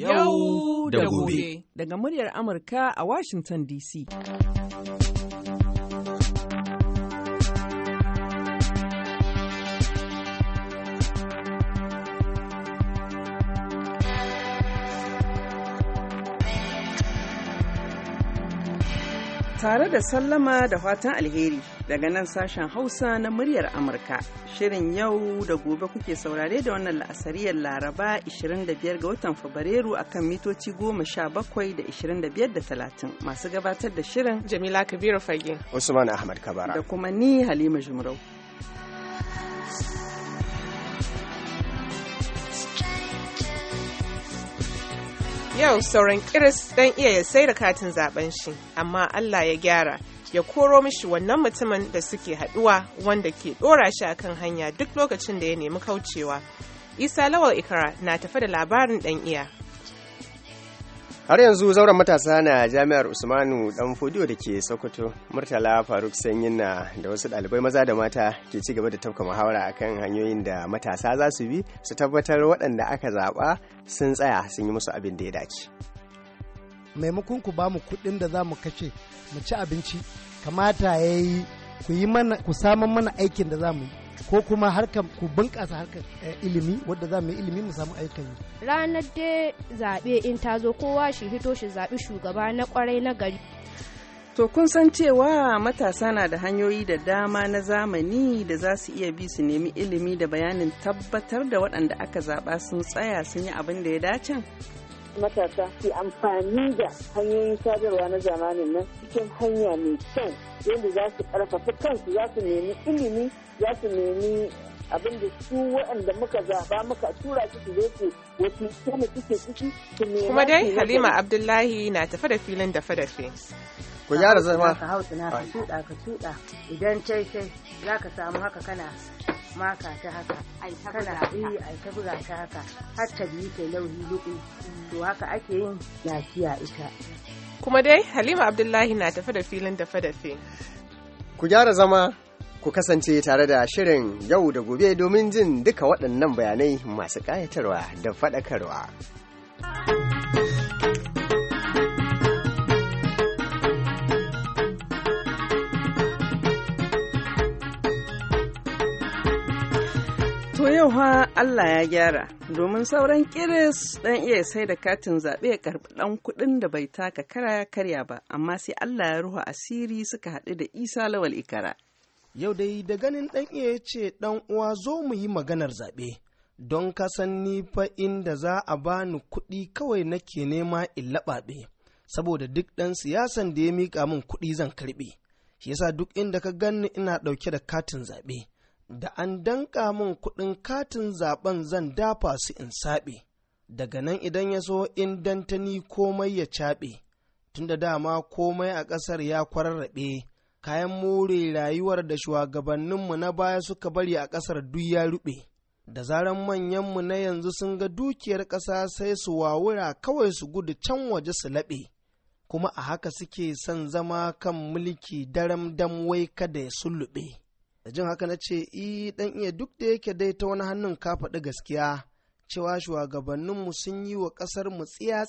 yau da gobe. Daga muryar Amurka a Washington DC. Tare da sallama da fatan alheri. daga nan sashen Hausa na muryar Amurka. Shirin yau da gobe kuke saurare da wannan la'asariyar Laraba 25 ga watan Fabrairu akan mitoci 17 da 25 da 30 masu gabatar da shirin Jamila Kabiru Fage. Usman Ahmad Kabara. Da kuma ni Halima Jumrau. Yau sauran kiris dan iya ya sai da katin zaben shi, amma Allah ya gyara. ya koro mishi wannan mutumin da suke haduwa wanda ke dora shi akan hanya duk lokacin da ya nemi kaucewa isa lawal ikara na tafi da labarin dan iya har yanzu zauren matasa na jami'ar usmanu dan fodiyo da ke sokoto murtala faruk sanyin na da wasu ɗalibai maza da mata ke ci gaba da tafka muhawara akan hanyoyin da matasa za su bi su tabbatar waɗanda aka zaɓa sun tsaya sun yi musu abin da ya dace maimakon ku bamu kuɗin da za mu kashe mu ci abinci kamata ya yi ku yi mana ku saman mana aikin da za mu yi ko kuma harkar ku bunƙasa harkar eh, ilimi wadda za mu yi ilimi mu samu aikin Ranar da zaɓe in ta zo kowa shi hito shi zaɓi shugaba na kwarai na gari. To kun san cewa matasa na da hanyoyi da dama na zamani da za su iya bi su nemi ilimi da bayanin tabbatar da waɗanda aka zaɓa sun tsaya sun yi abin da ya dace? matasa ke amfani da hanyoyin sadarwa na zamanin nan cikin hanya mai kyau yadda za su karfafa kansu za su nemi ilimi za su nemi abin da su waɗanda muka zaba muka tura su su zai wasu kuma suke ciki su kuma dai halima abdullahi na tafi da filin da fadafe ku gyara zama ka hausa na ka tuɗa ka tuɗa idan cai sai za ka samu haka kana maka ta haka kana iya ai ta buga ta haka har ta biyu ta lauhi duku to haka ake yin lafiya ita kuma dai halima abdullahi na tafi da filin da dafe ku gyara zama ku kasance tare da shirin yau da gobe domin jin duka waɗannan bayanai masu ƙayatarwa da faɗakarwa. To yau ha Allah ya gyara domin sauran kiris dan iya sai da katin zaɓe ya karɓi ɗan kuɗin da bai taka kara ya karya ba amma sai Allah ya ruhu asiri suka haɗu da Isa Lawal Ikara. Yau dai da ganin ɗan iya ce ɗan uwa zo mu yi maganar zaɓe. don kasan ni fa inda za a bani kuɗi kawai nake nema in laɓaɓe saboda duk ɗan siyasan da ya mika min kuɗi zan karɓe shi yasa duk inda ka ganni ina ɗauke da katin zaɓe da an danka min kuɗin katin zaben zan dafa su in saɓe, daga nan idan ya so in dantani komai ya caɓe, tunda dama komai a ƙasar ya kwararraɓe, kayan more rayuwar da shugabanninmu na baya suka bari a ƙasar duk ya ruɓe. Da zaran manyanmu na yanzu sun ga dukiyar ƙasa sai su wawura kawai su gudu can waje su laɓe, kuma a haka suke son zama kan mulki daram dam wai kada ya sulluɓe. da jin haka na ce i dan iya duk da yake dai ta wani hannun ka faɗi gaskiya cewa shugabanninmu sun yi wa ƙasar mu tsiya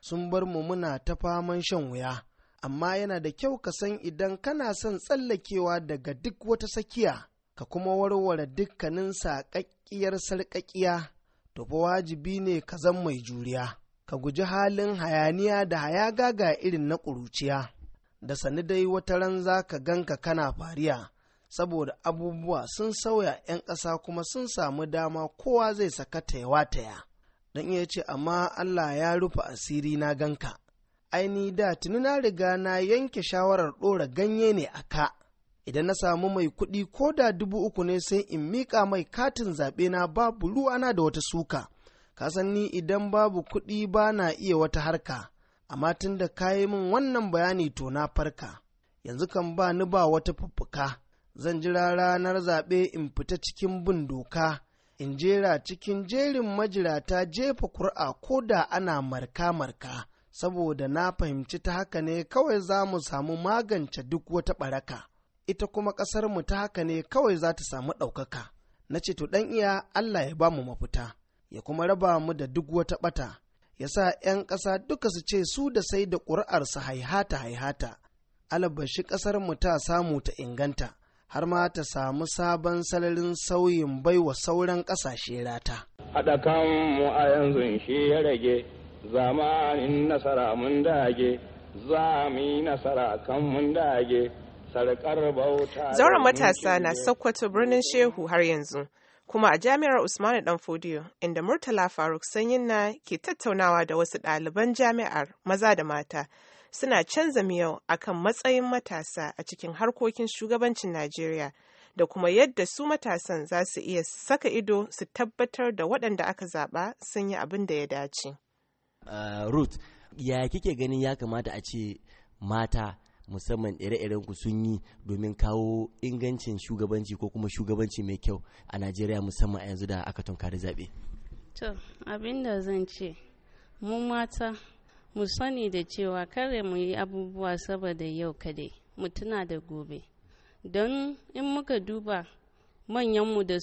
sun bar mu muna ta faman shan wuya amma yana da kyau ka san idan kana son tsallakewa daga duk wata sakiya ka kuma warware dukkanin saƙaƙƙiyar sarƙaƙiya to fa wajibi ne ka zan mai juriya ka guji halin hayaniya da hayagaga irin na ƙuruciya da sani dai wata ran za ka ganka kana fariya saboda abubuwa sun sauya 'yan ƙasa kuma sun samu dama kowa zai saka taya-wataya don iya ce amma Allah ya rufe asiri na ganka aini da tuni na riga na yanke shawarar ɗora ganye ne a ka idan na samu mai kuɗi ko da dubu uku ne sai in miƙa mai katin zaɓe na babu ruwana da wata suka kasan ni idan babu kuɗi ba na iya wata harka amma tun da ka yi min wannan bayani to na farka yanzu kan ba ni ba wata fuffuka zan jira ranar zaɓe in fita cikin bin doka in jera cikin jerin majirata jefa kur'a ko da ana marka-marka saboda na fahimci ta haka ne kawai za mu samu magance duk wata ɓaraka ita kuma ƙasarmu ta haka ne kawai za ta samu ɗaukaka na ce to ɗan iya Allah ya ba mu mafita ya kuma raba mu da duk wata ɓata ya sa 'yan ƙasa duka su ce su da sai da ƙuri'ar su haihata haihata alabashi mu ta samu ta inganta har ma ta samu sabon salarin sauyin baiwa sauran ƙasashe rata. Haɗa kanmu a yanzu shi ya rage, zamanin nasara mun dage, za mu yi nasara kan mun dage, Sarkar bauta. Zauren matasa na Sakwato birnin Shehu har yanzu. Kuma a jami'ar Usmanu Danfodiyo, inda Murtala Faruk Sanyin na ke tattaunawa da wasu ɗaliban jami'ar maza da mata suna canza miyau kan matsayin matasa a cikin harkokin shugabancin Najeriya da kuma yadda su matasan za su iya saka ido su tabbatar da waɗanda aka zaɓa sun yi abin da ya dace. Ruth, ya kike ganin ya kamata a ce mata musamman ire-iren ku sun yi domin kawo ingancin shugabanci ko kuma shugabanci mai kyau a Najeriya musamman a yanzu da aka tunkari zaɓe? To, abin da zan ce, mu mata mu sani da cewa kare mu yi abubuwa saboda yau kadai mu tuna da gobe don in muka duba manyanmu da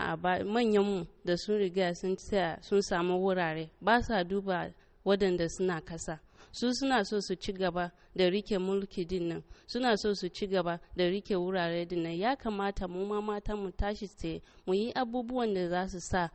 a manyanmu da sun riga sun samu wurare ba sa duba waɗanda suna kasa su suna so su ci gaba da rike mulki dinnan suna so su ci gaba da rike wurare dinnan ya kamata mu ma mata mu tashi tsaye mu yi abubuwan da za su sa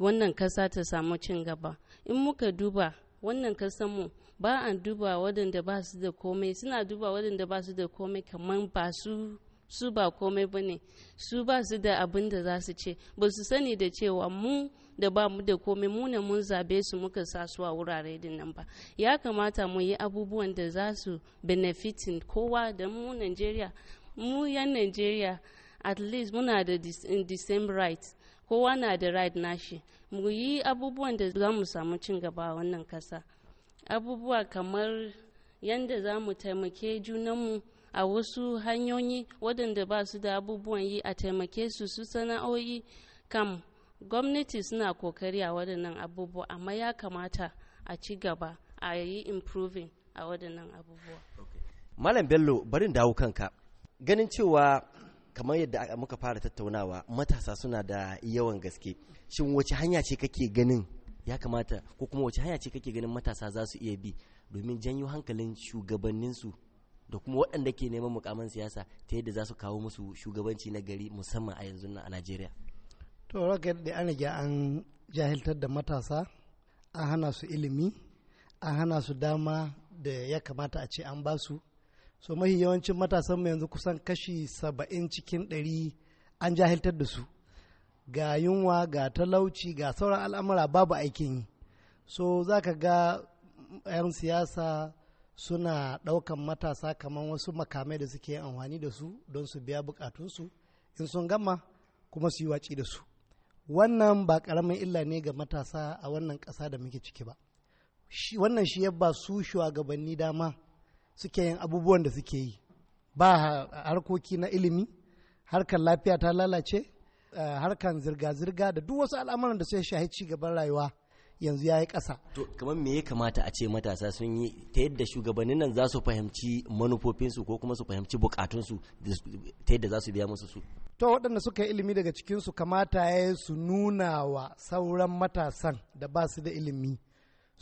wannan kasa ta samu cin gaba in muka duba wannan kasanmu ba a duba waɗanda ba su da komai suna duba waɗanda ba su da komai kamar ba su su ba komai ba ne su ba su da abin da za su ce ba su sani da cewa mu da ba mu da komai mu ne mun zabe su muka sa su a wurare din nan ba ya kamata mu yi abubuwan da za su benefitin kowa da mu Najeriya mu yan nigeria at least muna da the same rights kowa na da right nashi mu yi abubuwan da za mu samu cin gaba wannan kasa abubuwa kamar yadda za mu taimake junanmu a wasu hanyoyi waɗanda ba su da abubuwan yi a taimake su su sana'o'i kam gwamnati suna kokari a waɗannan abubuwa amma ya kamata a ci gaba a yi improving a waɗannan abubuwa malam bello barin dawo kanka ganin cewa kamar yadda muka fara tattaunawa matasa suna da yawan gaske shin wace hanya ce kake ganin ya kamata ko kuma wace hanya ce kake ganin matasa za su iya bi domin janyo hankalin shugabanninsu da kuma waɗanda ke neman mukamin siyasa ta yadda za su kawo musu shugabanci na gari musamman a yanzu a najeriya to raka da an riga an jahiltar da matasa an hana su ilimi an hana su dama da ya kamata a ce an ba su so mahi yawancin matasan mu yanzu kusan kashi saba'in cikin ɗari an jahiltar da su ga yunwa ga talauci ga sauran al'amura babu aikin yi so za ka ga 'yan siyasa suna ɗaukan matasa kamar wasu makamai da suke amfani da su don su biya bukatunsu in sun gama kuma su yi waci da su wannan ba ƙaramin illa ne ga matasa a wannan ƙasa da muke ciki ba wannan shi ya ba su shugabanni dama suke yin abubuwan da suke yi ba harkoki na ilimi harkar lafiya ta lalace eh, harkar zirga-zirga da duk wasu al'amuran da suke shahi ci gaban rayuwa yanzu ya yi ƙasa. To, kamar me ya kamata a ce matasa sun yi ta yadda shugabannin nan za su fahimci manufofinsu ko kuma su fahimci bukatunsu ta yadda za su biya musu su? To, waɗanda suka yi ilimi daga cikinsu kamata ya su nuna wa sauran matasan da ba su da ilimi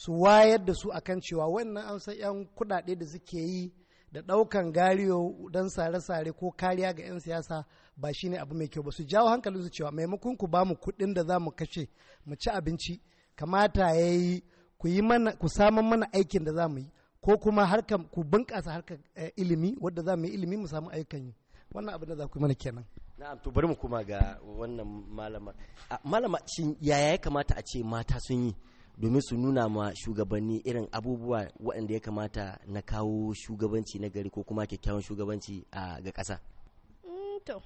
su wayar da su akan cewa wannan an san 'yan kuɗaɗe da suke yi da ɗaukan gariyo don sare-sare ko kariya ga 'yan siyasa ba shi ne abu mai kyau ba su jawo hankalin su cewa maimakon ku ba mu kuɗin da za mu kashe mu ci abinci kamata ya yi ku yi mana ku saman mana aikin da za mu yi ko kuma harkar ku bunƙasa harkar eh, ilimi wadda za mu yi ilimi mu samu aikin. yi wannan abin da za ku yi mana kenan na'am to bari mu kuma ga wannan malama ah, malama shin yaya ya kamata a ce mata sun yi domin su nuna ma shugabanni irin abubuwa waɗanda ya kamata na kawo shugabanci na gari ko kuma kyakkyawan shugabanci a ga ƙasa. Mm, to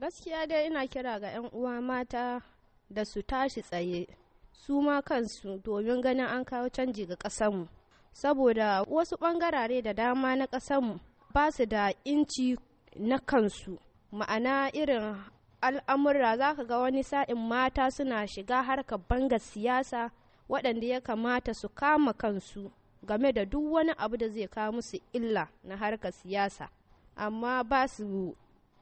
gaskiya dai ina kira ga 'yan uwa mata da su tashi tsaye su ma kansu domin ganin an kawo canji ga ƙasanmu saboda wasu ɓangarare da dama na ƙasanmu ba su da inci na kansu ma'ana irin al'amurra za ka ga wani sa'in mata suna shiga harkar banga siyasa waɗanda ya kamata su kama kansu game da duk wani abu da zai kawo musu illa na harkar siyasa amma ba su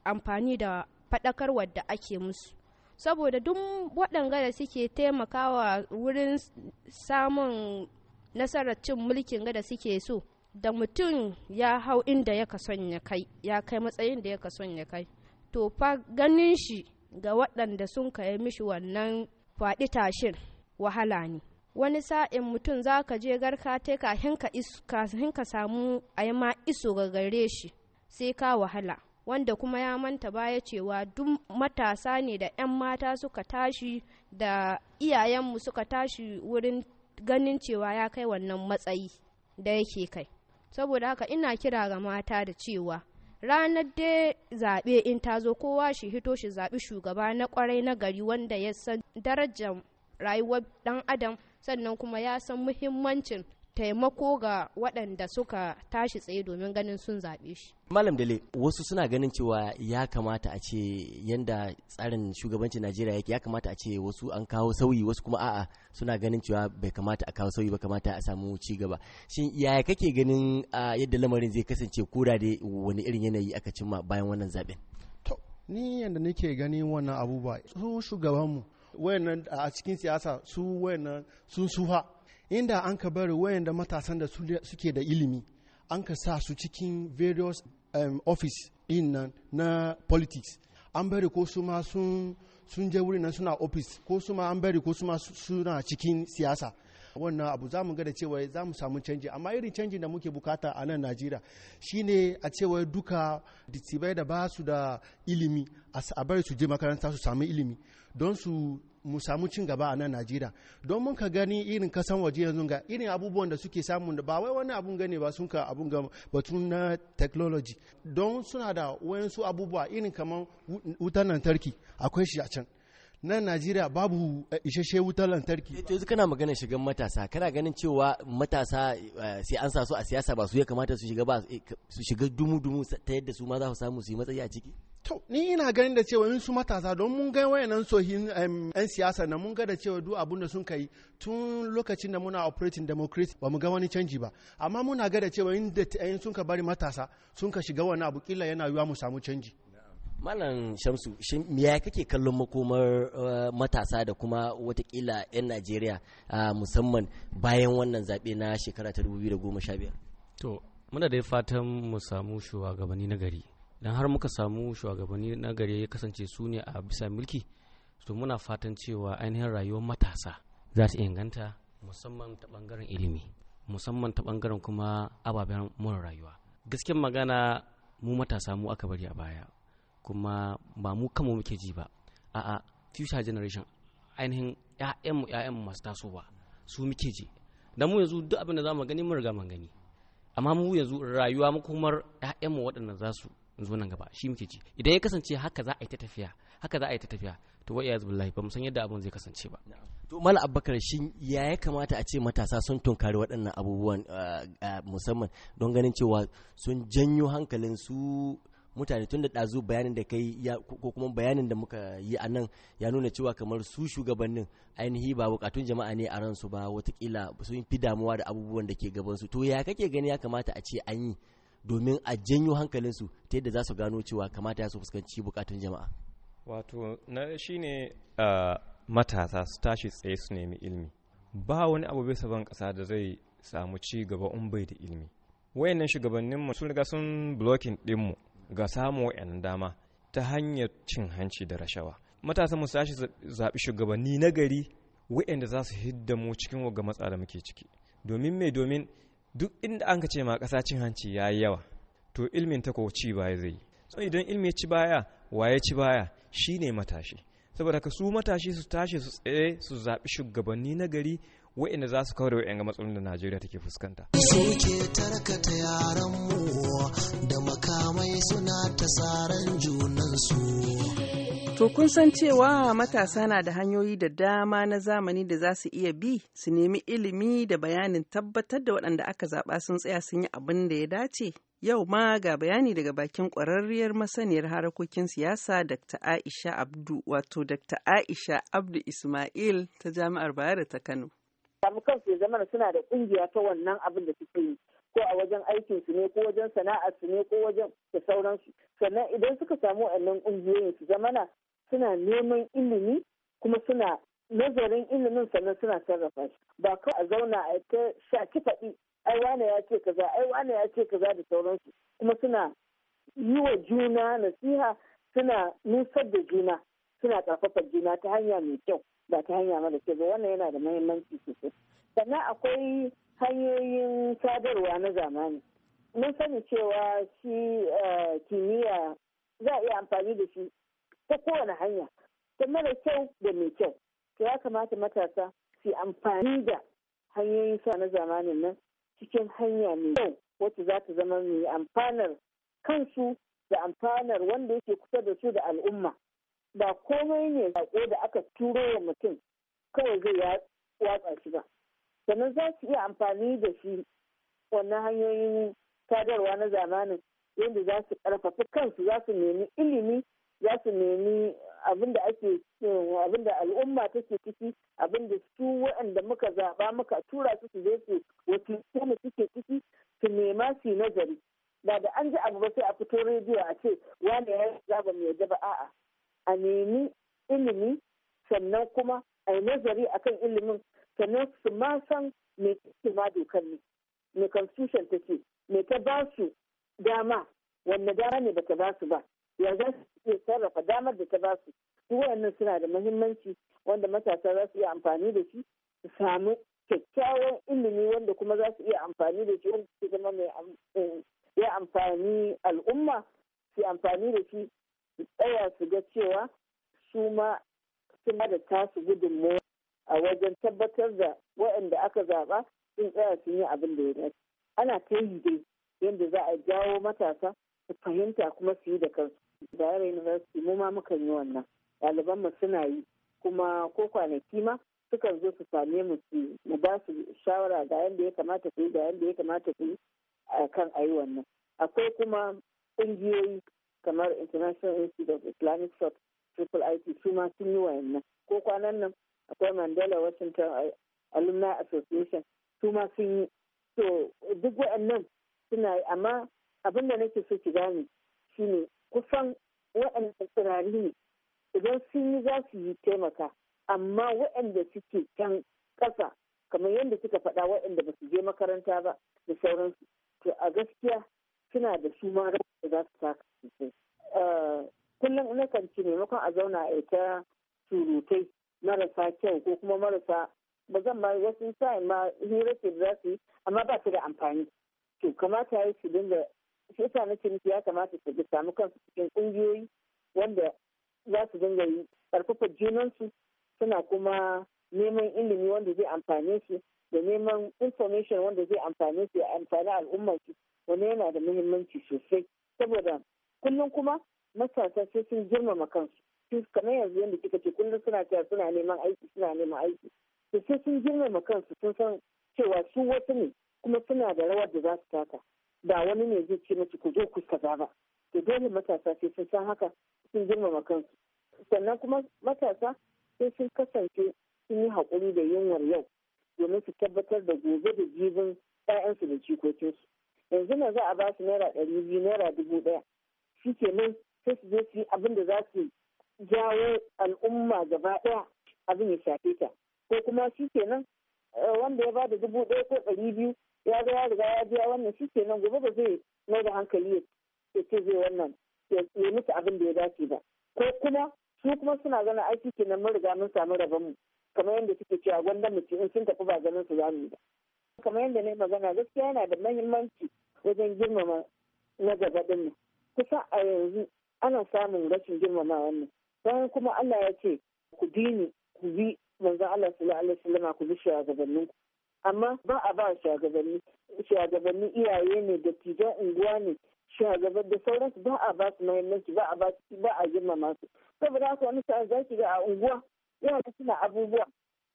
amfani da faɗakar wadda ake musu saboda duk waɗanga da suke taimakawa wurin samun nasarar cin mulkin gada da suke so da mutum ya hau inda ya kason ya kai ya kai matsayin da ya kason ya kai to fa ganin shi ga waɗanda sun kai mishi wannan faɗi tashin wahala ne wani sa'in mutum za ka je garka ta kafin ka samu a yi ma iso ga gare shi sai ka wahala wanda kuma ya manta baya cewa duk matasa ne da 'yan mata suka tashi da iyayenmu suka tashi wurin ganin cewa ya kai wannan matsayi da yake kai saboda haka ina kira ga mata da cewa ranar da zaɓe in ta zo kowa shi hito shi zaɓi shugaba na kwarai na gari wanda ya san darajar rayuwar ɗan adam sannan kuma ya san muhimmancin taimako ga waɗanda suka tashi tsaye domin ganin sun zaɓe shi. Malam Dale, wasu suna ganin cewa ya kamata a ce yanda tsarin shugabancin Najeriya yake ya kamata a ce wasu an kawo sauyi wasu kuma a'a suna ganin cewa bai kamata a kawo sauyi ba kamata a samu ci gaba. Shin yaya kake ganin yadda lamarin zai kasance ko da wani irin yanayi aka cimma bayan wannan zaɓen? To, ni yadda nake ganin wannan abubuwa, su shugabanmu wayannan a cikin siyasa su wayannan sun sufa inda an ka bari wayanda matasan da suke da ilimi an ka sa su cikin various um, office in na politics an bari ko su ma sun je wuri nan suna office ko su ma an bari ko su ma suna cikin siyasa wannan abu za mu ga cewa za mu samu canji amma irin canji da muke bukata a nan najeriya shine a cewa duka ditibai da ba su da ilimi a bari su je makaranta su samu ilimi don su mu samu cin gaba a nan Najeriya don mun ka gani irin kasan waje yanzu ga irin abubuwan da suke samu da ba wai wani abun gane ba sun ka abun ga batun na technology don suna da wayansu abubuwa irin kamar wutan lantarki akwai shi a can nan Najeriya babu eh, isasshe wutar lantarki. Eh, to yanzu kana magana shigan matasa kana ganin cewa matasa eh, sai an sa su a siyasa ba su ya kamata su shiga ba su shiga dumu-dumu ta yadda su ma za su samu su yi matsayi a ciki. To ni ina ganin da cewa su matasa don mun ga wayannan sohin yan siyasa na mun ga da cewa duk abin da sun kai tun lokacin da muna operating democracy ba mu ga wani canji ba amma muna ga da cewa in sun ka bari matasa sun ka shiga wani abu kila yana yiwa mu samu canji. Malam Shamsu, shin ya kake kallon makomar eh, matasa da kuma watakila 'yan Najeriya musamman bayan wannan zaɓe na shekara ta 2015? To, muna da fatan mu samu shugabanni na gari. Don har muka samu shugabanni na gari ya kasance su ne a bisa mulki, to muna fatan cewa ainihin rayuwar matasa za su inganta musamman ta bangaren ilimi, musamman ta bangaren kuma ababen more rayuwa. Gaskiyar magana mu matasa mu aka bari a baya. kuma ba mu kama muke ji ba a'a future generation ainihin ƴaƴanmu ƴaƴanmu masu tasowa su muke ji dan mu yanzu duk abin da zamu gani mun riga mun gani amma mu yanzu rayuwa mu kuma ƴaƴanmu waɗannan za su zo nan gaba shi muke ji idan ya kasance haka za a yi ta tafiya haka za a yi ta tafiya to wai iyaz billahi ba mu san yadda abin zai kasance ba to mala abbakar shi ya ya kamata a ce matasa sun tunkari waɗannan abubuwan ah, ah, musamman don ganin cewa sun janyo hankalin su mutane tun da ɗazu bayanin da kai ko kuma bayanin da muka yi a nan ya nuna cewa kamar su shugabannin ainihi ba bukatun jama'a ne a ransu ba watakila sun fi damuwa da abubuwan da ke gabansu to ya kake gani ya kamata a ce an yi domin a janyo hankalinsu ta yadda za su gano cewa kamata su fuskanci bukatun jama'a wato na shine ne matasa su tashi tsaye su nemi ilmi ba wani abu bai ban kasa da zai samu ci gaba in bai da ilimi wayannan shugabanninmu sun riga sun blocking dinmu ga samun wa'annan dama ta hanyar cin hanci da rashawa matasa mu sashi zaɓi shugabanni na gari wa'anda za su hidda mu cikin wagga matsa da muke ciki domin mai domin duk inda an ka ce ma ƙasa cin hanci ya yi yawa to ilmin ta ko baya zai yi so idan ilmi ya ci baya waye ci baya shi ne matashi saboda ka su matashi su tashi su tsaye su zaɓi shugabanni na gari wa'inda za su kawar wa'in ga matsalolin da Najeriya take fuskanta. Su tarkata yaran mu da makamai suna ta junansu. To kun san cewa matasa na da hanyoyi da dama na zamani da za su iya bi su nemi ilimi da bayanin tabbatar da waɗanda aka zaɓa sun tsaya sun yi abin da ya dace. Yau ma ga bayani daga bakin ƙwararriyar masaniyar harakokin siyasa Dr. Aisha Abdu wato Dr. Aisha Abdu Ismail ta Jami'ar Bayero ta Kano. samu kansu ya zama suna da kungiya ta wannan abin da suke yi ko a wajen aikin su ne ko wajen sana'ar su ne ko wajen da sauransu sannan idan suka samu wannan kungiyoyin su zamana suna neman ilimi kuma suna nazarin ilimin sannan suna sarrafa shi ba kawai a zauna a ta shaki faɗi ai wane ya ce kaza ai wane ya ce kaza da sauransu kuma suna yi wa juna nasiha suna nusar da juna suna ƙarfafa juna ta hanya mai kyau ba ta hanya mara ce ba wannan yana da mahimmanci sosai sannan akwai hanyoyin sadarwa na zamani mun sani cewa shi eh, kimiyya za a iya amfani da shi ta kowane hanya ta mara kyau da mai kyau to ya kamata matasa su amfani da hanyoyin sa na zamanin nan cikin hanya mai kyau wacce za ta zama mai amfanar kansu da amfanar wanda yake kusa da su da al'umma ba komai ne sako da aka turo wa mutum kawai zai watsa shi ba sannan za su iya amfani da shi wannan hanyoyin sadarwa na zamanin yadda za su karfafi kansu za su nemi ilimi za su nemi abin da ake abin da al'umma take ciki abin da su waɗanda muka zaba muka tura su su je su wakilce mu suke ciki su nema su nazari ba da an ji abu ba sai a fito rediyo a ce wane ya zaba mai yadda ba a'a a nemi ilimi sannan kuma a yi nazari akan ilimin sannan su ma san me ma dokar ne me constitution ta ce me ta ba su dama wanne dama ne bata ba su ba ya za su iya sarrafa damar da ta ba su su wayannan suna da muhimmanci wanda matasa za su iya amfani da shi su samu kyakkyawan ilimi wanda kuma za su iya amfani da shi wanda zama mai eh, amfani al'umma su amfani da shi tsaya su ga cewa su ma ma da tasu gudunmawa a wajen tabbatar da waɗanda aka zaɓa sun tsaya sun yi abin da ya dace ana ta yi dai yadda za a jawo matasa su fahimta kuma su yi da kansu bayero university mu ma mukan yi wannan ɗaliban mu suna yi kuma ko kwanaki ma sukan zo su same mu su mu ba su shawara ga yadda ya kamata ku yi ga yadda ya kamata ku yi kan a yi wannan akwai kuma ƙungiyoyi kamar international institute of islamic thought triple it su ma sun yi wayannan ko kwanan nan akwai mandela washington alumni association su ma sun yi so duk wayannan suna yi amma abin da nake so ki gane shine kusan waɗanda tsirari ne idan sun yi za su yi taimaka amma waɗanda suke can ƙasa kamar yadda suka faɗa waɗanda ba su je makaranta ba da sauransu to a gaskiya suna da su ma da za su taka sosai eh, kullum na kan ci maimakon a zauna a ita surutai marasa kyau ko kuma marasa ba zan ma wasu sa'in ma hira ce da su yi amma ba su da amfani to kamata ya su dinga shi yasa na ciniki ya kamata su samu kansu cikin ƙungiyoyi wanda za su dinga yi ƙarfafa junansu suna kuma neman ilimi wanda zai amfane su da neman information wanda zai amfane su ya amfani al'ummar su wani yana da muhimmanci sosai saboda kullum kuma matasa sai sun girmama kansu kamar yanzu yadda kika ce kullum suna cewa suna neman aiki suna neman aiki to sai sun girmama kansu sun san cewa su wasu ne kuma suna da rawar da za su taka ba wani ne zai ce mace ku zo ku kaza ba to dole matasa sai sun san haka sun girmama kansu sannan kuma matasa sai sun kasance sun yi haƙuri da yunwar yau domin su tabbatar da gobe da jibin 'ya'yansu da jikokinsu yanzu na za a ba su naira ɗari biyu naira dubu ɗaya shi kenan sai su je su yi abin da za su jawo al'umma gaba ɗaya abin ya shafe ta ko kuma shi kenan eh, wanda ya ba da dubu ɗaya ko ɗari biyu ya ga ya riga ya biya wannan shi kenan gobe ba zai mai da hankali ya ce zai wannan ya musu abin da ya dace ba ko kuma su kuma suna ganin aiki kenan mun riga mun samu rabon mu kamar yadda suke cewa gwanda mu ce in sun tafi ba ganin su zamu ba kamar yadda na yi magana gaskiya yana da mahimmanci wajen girmama na gaba dinnan. kusa a yanzu ana samun rashin girmama wannan bayan kuma Allah ya ce ku dini ku bi manzon Allah sallallahu alaihi wasallam ku bi shugabannin amma ba a ba shugabanni shugabanni iyaye ne da tijan unguwa ne shugaban da sauransu ba a ba su muhimmanci ba a ba su ba a girmama su saboda haka wani sa'a za ki ga a unguwa da suna abubuwa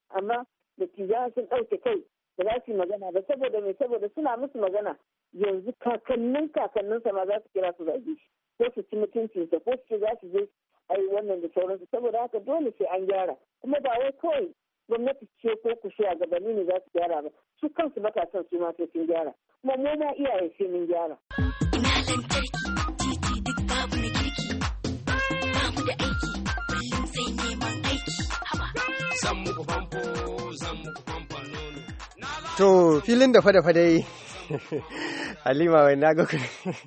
amma da tijan sun ɗauke kai da za su yi magana ba saboda mai saboda suna musu magana yanzu kakannin kakanninsa ma za su kira su zage shi ko su ci mutuncinsa ko su ce za su je ai wannan da sauransu saboda haka dole sai an gyara kuma ba wai kawai gwamnati ce ko ku shi gabani ne za su gyara ba su kansu matasan su ma sai sun gyara kuma mu ma iyaye sai mun gyara. To filin da fada-fadai halima bai na ga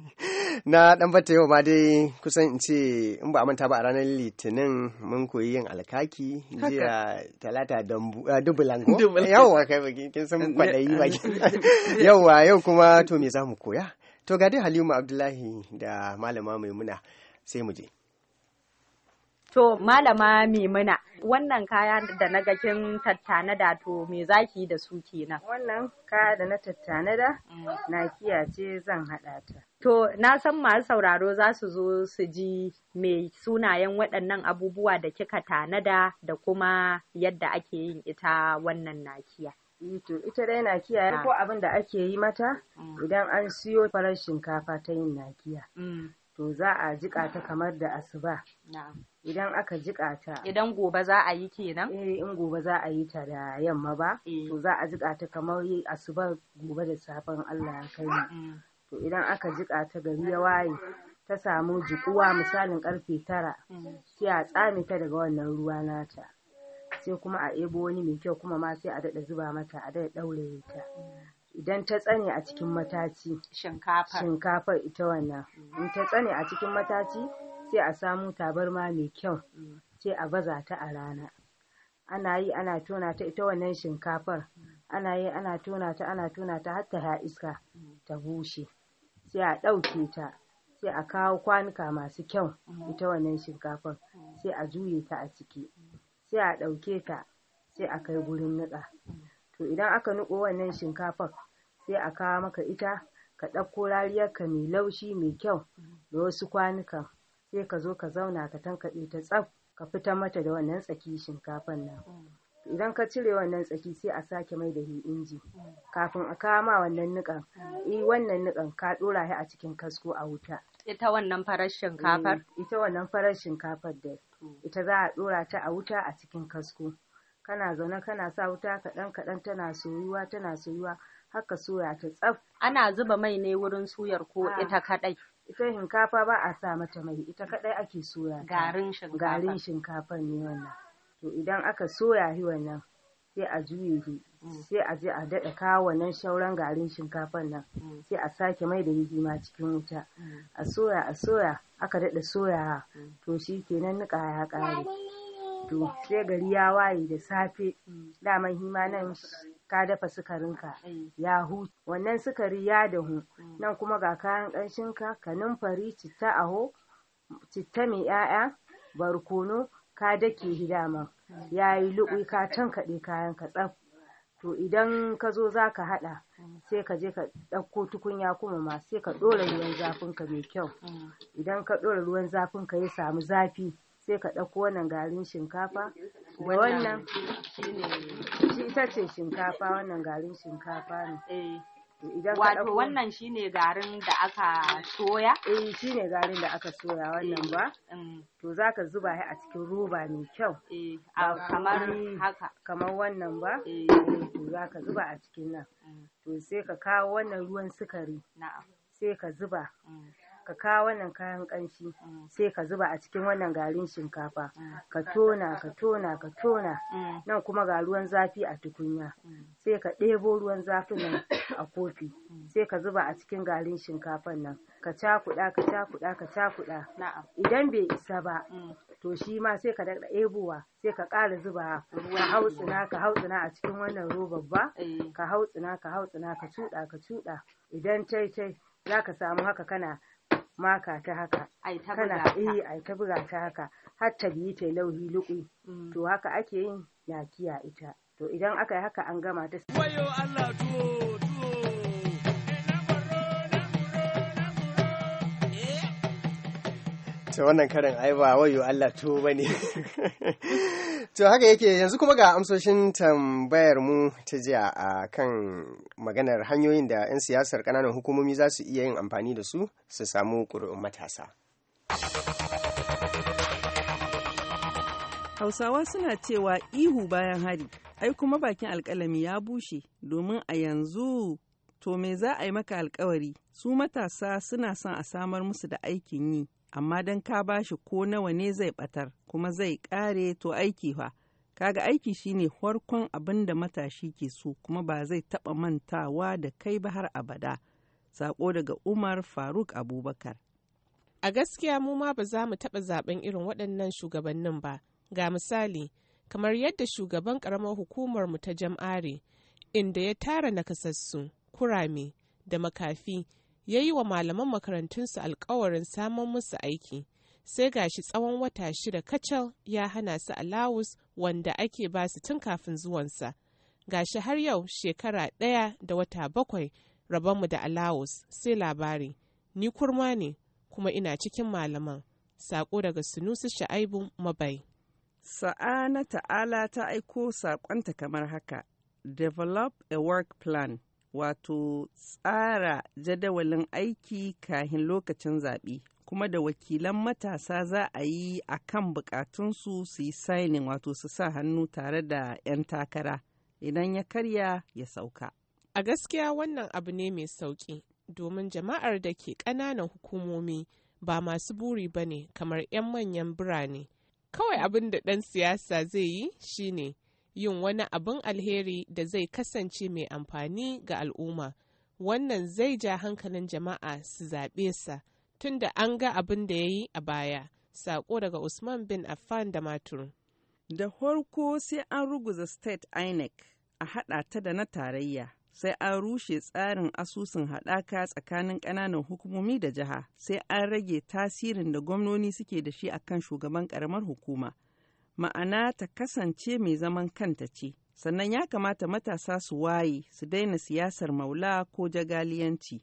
na dan bata yau ma dai kusan in ce in ba manta ba a ranar litinin mun koyi yin alkaki jiya talata ah, dubulango yawwa kai bakin kin san kwadayi baki yawwa yau kuma to me za mu koya to ga dai halima abdullahi da malama maimuna sai mu je To malama Maimuna wannan kaya da na ga kin tattana da to me zaki da su kenan? Wannan kaya da na tattana da mm. na ce zan haɗa ta. To na san masu sauraro za su zo su ji me sunayen waɗannan abubuwa da kika tanada da kuma yadda ake yin ita wannan nakiya. Eh to ita dai nakiya ya ko ah. abin da ake yi mata mm. idan an siyo farar shinkafa ta yin nakiya mm. to za a jika ta kamar da asuba idan aka jiƙa ta idan gobe za a yi kenan eh in gobe za a yi ta da yamma ba eh. to za a jiƙa ta kamar asuba gobe da safen Allah ya kai mm. to idan aka jiƙa ta gari ya waye ta samu jikuwa misalin karfe tara mm. sai a tsame ta daga wannan ruwa nata sai kuma a ebo wani mai kyau kuma ma sai a daɗa zuba mata a daɗa ɗaure ta idan ta tsane a cikin mataci shinkafar ita wannan in ta tsane a cikin mataci sai a samu tabarma mai kyau sai a baza ta a rana ana yi ana tona ta ita wannan shinkafar ana yi ana tona ta ana tona ta har ta ha iska ta bushe sai a ɗauke ta sai a kawo kwanuka masu kyau ita wannan shinkafar sai a juye ta a ciki sai a ɗauke ta sai a kai gurin niƙa to idan aka niƙo wannan shinkafar sai a kawo maka ita ka ɗauko rariyarka mai laushi mai kyau da wasu kwanukan sai ka zo ka zauna ka tankaɗe ta tsaf ka fita mata da wannan tsaki shinkafan nan mm. idan ka cire wannan tsaki sai a sake mai da inji mm. kafin a kawo ma wannan nikan i mm. eh, wannan nikan ka dora shi a cikin kasko a wuta ita wannan farar shinkafar eh, ita wannan farar shinkafar da ita za a dora ta a wuta a cikin kasko kana zaune kana sa wuta kaɗan kaɗan tana soyuwa tana soyuwa haka soya ta tsaf ana zuba mai ne wurin suyar ko ita kaɗai ita shinkafa ba a sa mata mai ita kadai ake soya garin shinkafa garin shinkafa ne wannan to idan aka soya shi wannan sai a juye shi mm. sai a je a dada kawo wannan shauran garin shinkafan nan mm. sai a sake mai da yi ma cikin wuta mm. a soya a soya aka daɗa soya to shi kenan nika ya ƙare to sai gari ya waye da safe daman hima nan ka dafa sukarinka eh. ya hutu wannan sukari ya dahu mm. nan kuma ga kayan ƙanshinka ka numfari citta aho citta mai ƴaƴa, barkono ka dake hidama mm. ya yi luɓi ka tankaɗe kayan ka tsaf to idan ka zo za ka haɗa mm. sai ka je ka ɗauko tukunya kuma ma sai ka ɗora ruwan zafinka mai kyau idan ka ɗora ruwan zafinka ya samu zafi sai ka ɗauko wannan garin shinkafa da wannan shi ita ce shinkafa wannan garin shinkafa ne eh. wato wannan shine garin da aka soya eh shine garin da aka soya wannan ba eh, mm. to zaka zuba shi a cikin roba mai kyau eh kamar haka kamar wannan ba eh to zaka zuba a cikin nan mm. to sai ka kawo wannan ruwan sukari na'am sai ka zuba mm. ka kawo wannan kayan kanshi mm. sai ka zuba a cikin wannan garin shinkafa mm. ka tona ka tona ka tona mm. nan kuma ga ruwan zafi a tukunya sai ka ɗebo ruwan zafin nan a kofi sai ka zuba a cikin garin shinkafan nan ka cakuɗa ka cakuɗa ka cakuɗa idan bai isa ba to shi ma sai ka daɗa ɗebowa sai ka ƙara zuba ka hautsina ka hautsina a cikin wannan robar ba eh. ka hautsina ka hautsina ka cuɗa ka cuɗa idan tai tai za ka samu haka kana maka ta haka kana eh ai ta buga ta haka har ta yi ta lauhi luƙi mm. to haka ake yin yakiya ita to idan aka yi haka an gama ta wayo Allah tuwo eh. wannan karin ai ba wayo Allah tuwo bane To haka yake yanzu kuma ga amsoshin tambayar mu ta jiya a kan maganar hanyoyin da 'yan siyasar ƙananan hukumomi za su iya yin amfani da su su samu ƙuri'un matasa. Hausawa suna cewa ihu bayan hari, ai kuma bakin alkalami ya bushe domin a yanzu to me za a yi maka alkawari su matasa suna son a samar musu da aikin yi amma don ka bashi ko nawa ne zai batar kuma zai ƙare to aiki fa kaga aiki shine farkon abin da matashi ke so kuma ba zai taɓa mantawa da kai ba har abada sako daga umar faruk abubakar a gaskiya mu ma ba za mu taɓa zaben irin waɗannan shugabannin ba ga misali kamar yadda shugaban ƙaramar hukumar mu ta jam'are inda ya tara nakasassu kurame da makafi ya yi wa malaman makarantunsu alkawarin samun musu aiki sai gashi tsawon wata shida kacal ya hana su alawus wanda ake ba su tun kafin zuwansa gashi har yau shekara ɗaya da wata bakwai rabonmu da alawus sai labari ni kurma ne kuma ina cikin malaman sako daga sunusu sha'aibu mabai sa'ana ta'ala ta aiko saƙonta kamar haka develop a work plan wato tsara jadawalin aiki kahin lokacin zaɓe kuma da wakilan matasa za a yi a kan bukatunsu su yi signing wato su sa hannu tare da 'yan takara idan ya karya ya sauka. A gaskiya wannan abu ne mai sauƙi domin jama'ar da ke ƙananan hukumomi ba masu buri ba ne kamar 'yan manyan birane. Kawai abin da ɗan siyasa zai yi shine yin wani abin alheri da zai kasance mai amfani ga al'umma wannan zai ja hankalin jama'a su zaɓe sa tunda an ga abin da ya yi a baya saƙo daga usman bin affan da matur da farko sai an ruguza state inec a haɗa ta da na tarayya sai an rushe tsarin asusun haɗaka tsakanin ƙananan hukumomi da jiha sai an rage tasirin da gwamnoni suke da shi akan shugaban ƙaramar hukuma. ma'ana ta kasance mai zaman kanta ce sannan ya kamata matasa su waye su daina siyasar maula ko jagaliyanci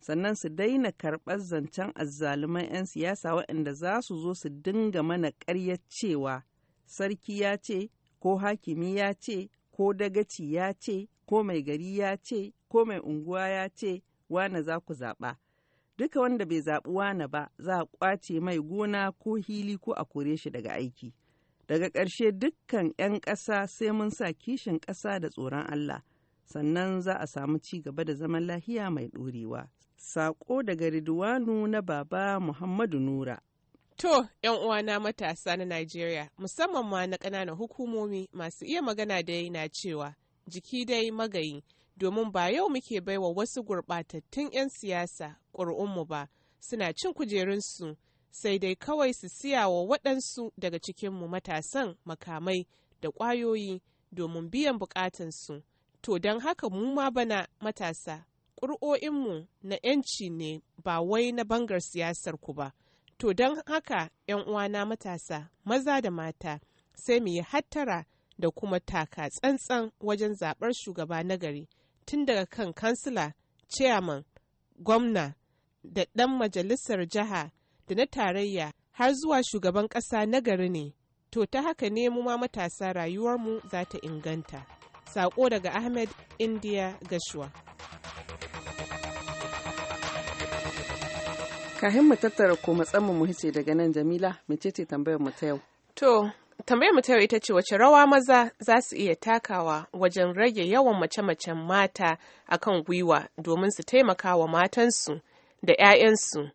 sannan su daina karɓar zancen azzaluman 'yan siyasa waɗanda za su zo su dinga mana ƙaryar cewa sarki ya ce ko hakimi ya ce ko dagaci ya ce ko mai gari ya ce ko mai unguwa ya ce wane za ku zaɓa duka wanda bai zaɓi wane ba za a ƙwace mai gona ko hili ko a kore shi daga aiki daga ƙarshe dukkan 'yan ƙasa sai mun sa kishin ƙasa da tsoron Allah sannan za a samu ci gaba da zaman lahiya mai ɗorewa. Saƙo daga Ridwanu na Baba Muhammadu Nura. To, ‘yan uwana matasa na Najeriya, musamman ma na ƙananan hukumomi masu iya magana da ya na cewa jiki dai magayi, domin ba yau muke baiwa wasu gurɓatattun ‘yan siyasa ƙuri'unmu ba, suna cin kujerunsu. sai dai kawai su siya wa waɗansu daga cikinmu matasan makamai da ƙwayoyi domin biyan buƙatansu. To don haka mu ma bana matasa, ƙuri'o'inmu na 'yanci ne ba wai na bangar siyasar ku ba. To don haka 'yan uwana matasa, maza da mata, sai mu yi hattara da kuma taka tsantsan wajen zaɓar shugaba nagari tun daga kan kansila, ciyaman, gwamna da ɗan majalisar jiha da na tarayya har zuwa shugaban ƙasa na gari ne to ta haka ne mu ma matasa rayuwarmu za ta inganta sako daga ahmed india gashuwa kahin mu ko matsamin mu hice daga nan jamila ce tambayar mu ta yau to tambayar mu ta yau ita ce wace rawa maza za su iya takawa wajen rage yawan mace-macen mata akan gwiwa domin su taimaka wa matansu da 'ya'yansu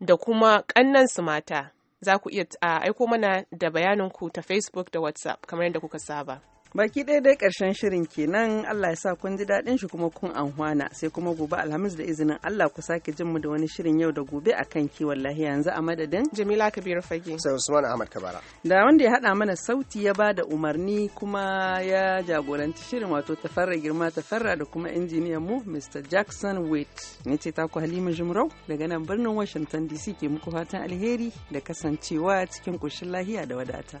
da kuma ƙannansu mata. Za ku iya aiko mana da bayaninku ta Facebook da WhatsApp kamar yadda kuka saba. Baki ɗaya dai ƙarshen shirin kenan Allah ya sa kun ji daɗin shi kuma kun hwana sai kuma gobe Alhamis da izinin Allah ku sake jin mu da wani shirin yau da gobe akan kiwon lahiya yanzu a madadin Jamila Kabiru Fage sai Usman Ahmad Kabara da wanda ya haɗa mana sauti ya bada umarni kuma ya jagoranci shirin wato tafarra girma tafarra da kuma injiniyan mu Mr Jackson Wade ni ce taku Halima Jumrau daga nan birnin Washington DC ke muku fatan alheri da kasancewa cikin ƙoshin lahiya da wadata